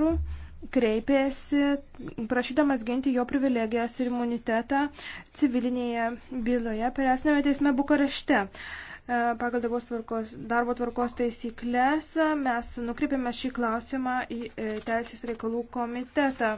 moterų kreipėsi prašydamas ginti jo privilegijas ir imunitetą civilinėje byloje peresnėme teisme Bukarešte. E, Pagal darbo tvarkos, darbo tvarkos taisyklės mes nukreipėme šį klausimą į e, Teisės reikalų komitetą.